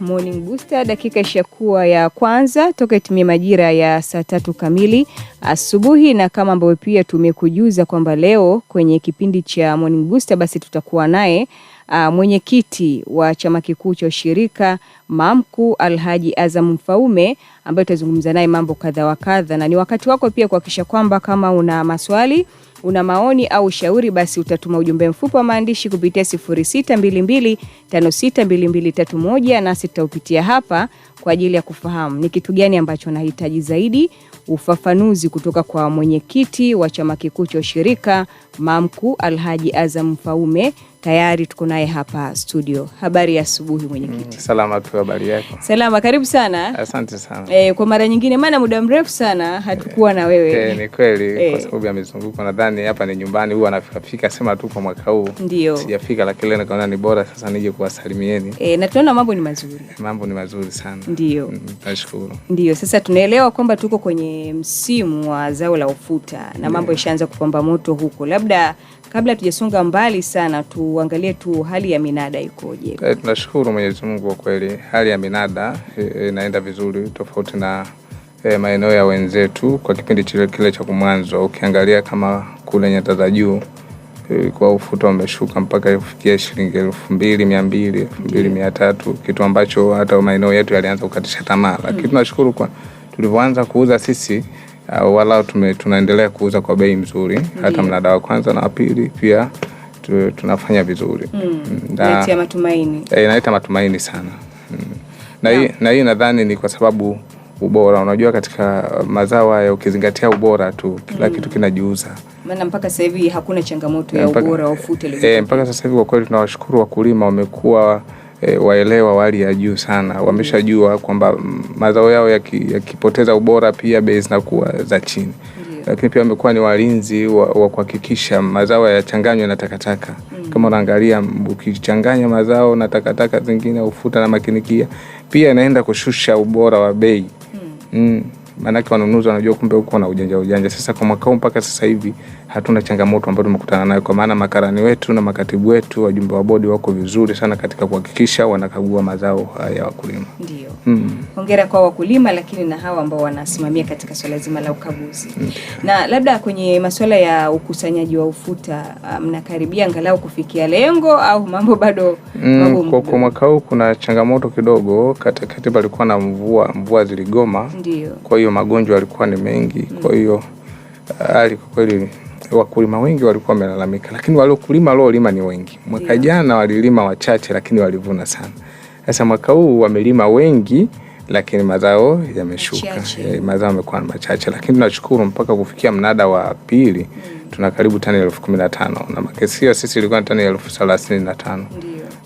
Morning Booster dakika ishakuwa ya kwanza toka itumia majira ya saa tatu kamili asubuhi, na kama ambavyo pia tumekujuza kwamba leo kwenye kipindi cha Morning Booster basi tutakuwa naye ah, mwenyekiti wa chama kikuu cha ushirika MAMCU Alhaji Azam Mfaume ambaye tutazungumza naye mambo kadha wa kadha, na ni wakati wako pia kuhakikisha kwamba kama una maswali una maoni au ushauri, basi utatuma ujumbe mfupi wa maandishi kupitia 0622562231 nasi tutaupitia hapa kwa ajili ya kufahamu ni kitu gani ambacho unahitaji zaidi ufafanuzi kutoka kwa mwenyekiti wa chama kikuu cha ushirika MAMCU Alhaji Azam Mfaume tayari tuko naye hapa studio. Habari ya asubuhi mwenyekiti. Mm, salama tu, habari yako? Salama, karibu sana. Asante sana e, kwa mara nyingine, maana muda mrefu sana hatukuwa na wewe e, ni kweli e, kwa eh. sababu amezunguka. Nadhani hapa ni nyumbani, huwa anafikafika, sema tu kwa mwaka huu ndio sijafika, lakini leo nikaona ni bora sasa nije kuwasalimieni e, na tunaona mambo ni mazuri, mambo ni mazuri sana. Ndio mm, nashukuru. Ndio sasa tunaelewa kwamba tuko kwenye msimu wa zao la ufuta na mambo yashaanza kupamba moto huko, labda Kabla tujasonga mbali sana, tuangalie tu hali ya minada ikoje. E, tunashukuru Mwenyezi Mungu kwa kweli, hali ya minada eh, inaenda e, vizuri tofauti na e, maeneo ya wenzetu kwa kipindi chile kile cha kumwanzwa Ukiangalia kama kule nyata za juu kwa ufuta umeshuka mpaka kufikia shilingi elfu mbili mia mbili elfu mbili mia tatu kitu ambacho hata maeneo yetu yalianza kukatisha tamaa, lakini mm. tunashukuru kwa tulivyoanza kuuza sisi uh, wala tume, tunaendelea kuuza kwa bei nzuri hata mnada wa kwanza na wapili pili pia tu, tunafanya vizuri mm. mm na, matumaini. E, matumaini sana mm. na, hii, na hii nadhani ni kwa sababu ubora unajua, katika uh, mazao haya ukizingatia ubora tu kila mm. kitu kinajiuza. Maana mpaka sasa hivi hakuna changamoto ya eh, ubora wa ufute. E, eh, mpaka sasa hivi kwa kweli tunawashukuru wakulima, wamekuwa e, waelewa wali ya juu sana, wameshajua kwamba mm, mazao yao yakipoteza ya ubora pia bei zinakuwa za chini lakini pia wamekuwa ni walinzi wa, wa kuhakikisha mazao yachanganywe na takataka mm. Kama unaangalia mm, ukichanganya mazao na takataka zingine, ufuta na makinikia, pia inaenda kushusha ubora wa bei mm. mm. Maanake wanunuzi wanajua kumbe huko na ujanja ujanja. Sasa kwa mwaka huu mpaka sasa hivi hatuna changamoto ambayo tumekutana nayo, kwa maana makarani wetu na makatibu wetu, wajumbe wa bodi wako vizuri sana katika kuhakikisha wanakagua mazao ya wakulima. Ndio. Mm. Hongera kwa wakulima, lakini na hawa ambao wanasimamia katika swala zima la ukaguzi. Ndiyo. Mm. Na labda kwenye masuala ya ukusanyaji wa ufuta ah, mnakaribia angalau kufikia lengo au mambo bado Mm, kwa mwaka huu kuna changamoto kidogo, katikati palikuwa na mvua, mvua ziligoma. ndio Kwa hiyo magonjwa yalikuwa ni mengi, mm. kwa hiyo ah, hali kwa kweli wakulima wengi walikuwa wamelalamika, lakini waliokulima waliolima ni wengi. Mwaka yeah, jana walilima wachache, lakini walivuna sana. Sasa mwaka huu wamelima wengi lakini mazao yameshuka, eh, mazao yamekuwa machache, lakini tunashukuru mpaka kufikia mnada wa pili mm. tuna karibu tani elfu kumi na tano na makesio sisi ilikuwa tani elfu thelathini na tano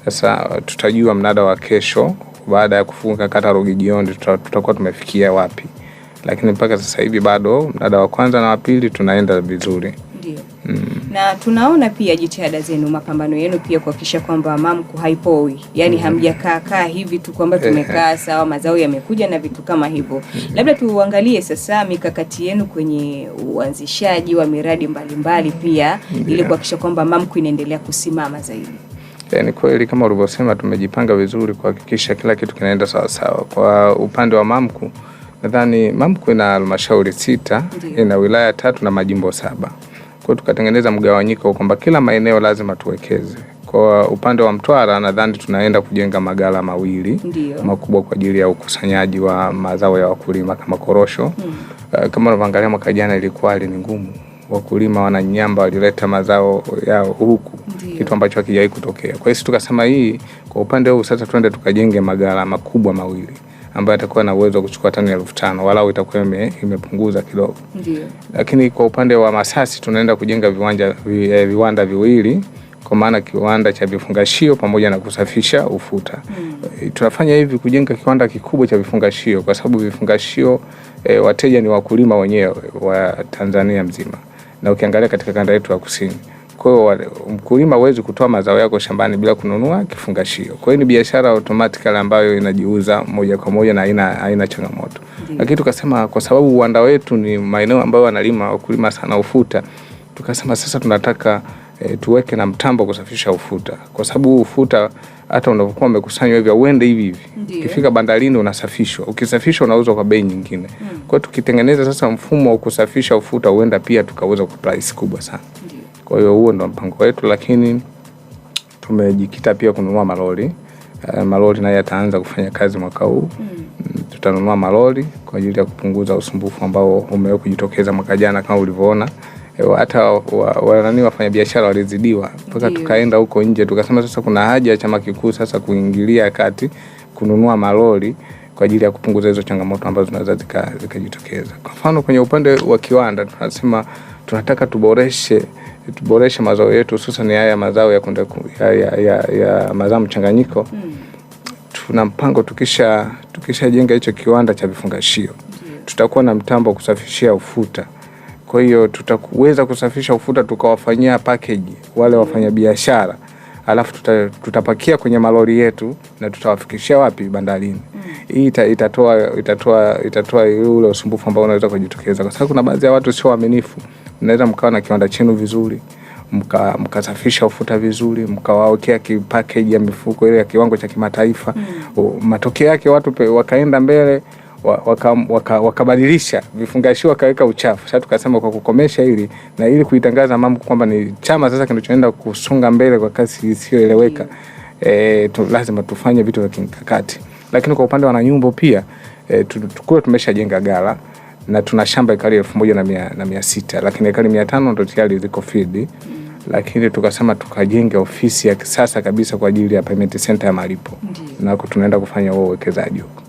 Sasa uh, tutajua mnada wa kesho, baada ya kufunga kata Rugijiondi tutakuwa tumefikia wapi, lakini mpaka sasa hivi bado mnada wa kwanza na wa pili tunaenda vizuri. Mm. na tunaona pia jitihada zenu, mapambano yenu pia kuhakikisha kwamba mamku haipoi, yani mm. hamjakaa kaa hivi tu kwamba tumekaa sawa, mazao yamekuja na vitu kama hivyo mm. labda tuangalie sasa mikakati yenu kwenye uanzishaji wa miradi mbalimbali mbali pia yeah. ili kuhakikisha kwamba mamku inaendelea kusimama zaidi. Yeah, ni kweli kama ulivyosema, tumejipanga vizuri kuhakikisha kila kitu kinaenda sawasawa. Kwa upande wa mamku nadhani mamku ina halmashauri sita, ina wilaya tatu na majimbo saba kwa tukatengeneza mgawanyiko kwamba kila maeneo lazima tuwekeze. Kwa upande wa Mtwara nadhani tunaenda kujenga magala mawili Ndiyo. makubwa kwa ajili ya ukusanyaji wa mazao ya wakulima kama korosho hmm. Uh, kama unavyoangalia mwaka jana ilikuwa hali ni ngumu, wakulima wananyamba walileta mazao yao huku Ndiyo. kitu ambacho hakijawahi kutokea. Kwa hiyo tukasema hii kwa upande huu sasa, tuende tukajenge magala makubwa mawili ambaye atakuwa na uwezo wa kuchukua tani elfu tano walau itakuwa imepunguza kidogo. Ndiyo. Lakini kwa upande wa Masasi tunaenda kujenga viwanja, vi, eh, viwanda viwili kwa maana kiwanda cha vifungashio pamoja na kusafisha ufuta. Mm. Tunafanya hivi kujenga kiwanda kikubwa cha vifungashio kwa sababu vifungashio eh, wateja ni wakulima wenyewe wa Tanzania mzima na ukiangalia katika kanda yetu ya kusini kwa hiyo mkulima hawezi kutoa mazao yako shambani bila kununua kifungashio. Kwa hiyo ni biashara automatically ambayo inajiuza moja kwa moja na haina haina changamoto. Lakini tukasema kwa sababu uwanda wetu ni maeneo ambayo wanalima wakulima sana ufuta, tukasema sasa tunataka e, tuweke na mtambo kusafisha ufuta, kwa sababu ufuta hata unapokuwa umekusanywa hivi uende hivi hivi, ukifika bandarini unasafishwa, ukisafishwa unauzwa kwa bei nyingine. Hmm. Kwa hiyo tukitengeneza sasa mfumo wa kusafisha ufuta, huenda pia tukaweza kwa price kubwa sana. Ndiyo. Kwa hiyo huo ndo mpango wetu, lakini tumejikita pia kununua malori. Uh, malori naye yataanza kufanya kazi mwaka huu mm. Tutanunua malori kwa ajili ya kupunguza usumbufu ambao umewe kujitokeza mwaka jana kama ulivyoona eh, hata wanani biashara walizidiwa mpaka tukaenda huko nje, tukasema sasa kuna haja ya chama kikuu sasa kuingilia kati kununua malori kwa ajili ya kupunguza hizo changamoto ambazo zinaweza zikajitokeza. Kwa mfano kwenye upande wa kiwanda tunasema tunataka tuboreshe tuboreshe mazao yetu hususan haya mazao ya, kunde, ya, ya, ya, ya mazao mchanganyiko mm. Tuna mpango tukisha tukishajenga hicho kiwanda cha vifungashio mm. Tutakuwa na mtambo wa kusafishia ufuta, kwa hiyo tutaweza kusafisha ufuta tukawafanyia package wale mm. wafanyabiashara alafu tuta, tutapakia kwenye malori yetu na tutawafikishia wapi? Bandarini. Mm. Hii ita, itatoa, itatoa, itatoa ule usumbufu ambao unaweza kujitokeza, kwa sababu kuna baadhi ya watu sio waaminifu mnaweza mkawa na kiwanda chenu vizuri mkasafisha mka ufuta vizuri mkawawekea kipakeji ya mifuko ile ya kiwango cha kimataifa mm. Matokeo yake watu pe, wakaenda mbele wakabadilisha waka, waka vifungashio wakaweka uchafu. Sasa tukasema kwa kukomesha hili na ili kuitangaza mambo kwamba ni chama sasa kinachoenda kusonga mbele kwa kasi isiyoeleweka mm. E, tu, lazima tufanye vitu vya kimkakati, lakini kwa upande wa nanyumbo pia e, eh, tukuwa tumeshajenga gala na tuna shamba ekari elfu moja na mia, na mia sita lakini ekari mia tano ndo tayari ziko field, lakini tukasema tukajenge ofisi ya kisasa kabisa kwa ajili ya payment center ya malipo, nako tunaenda kufanya huo uwekezaji huko.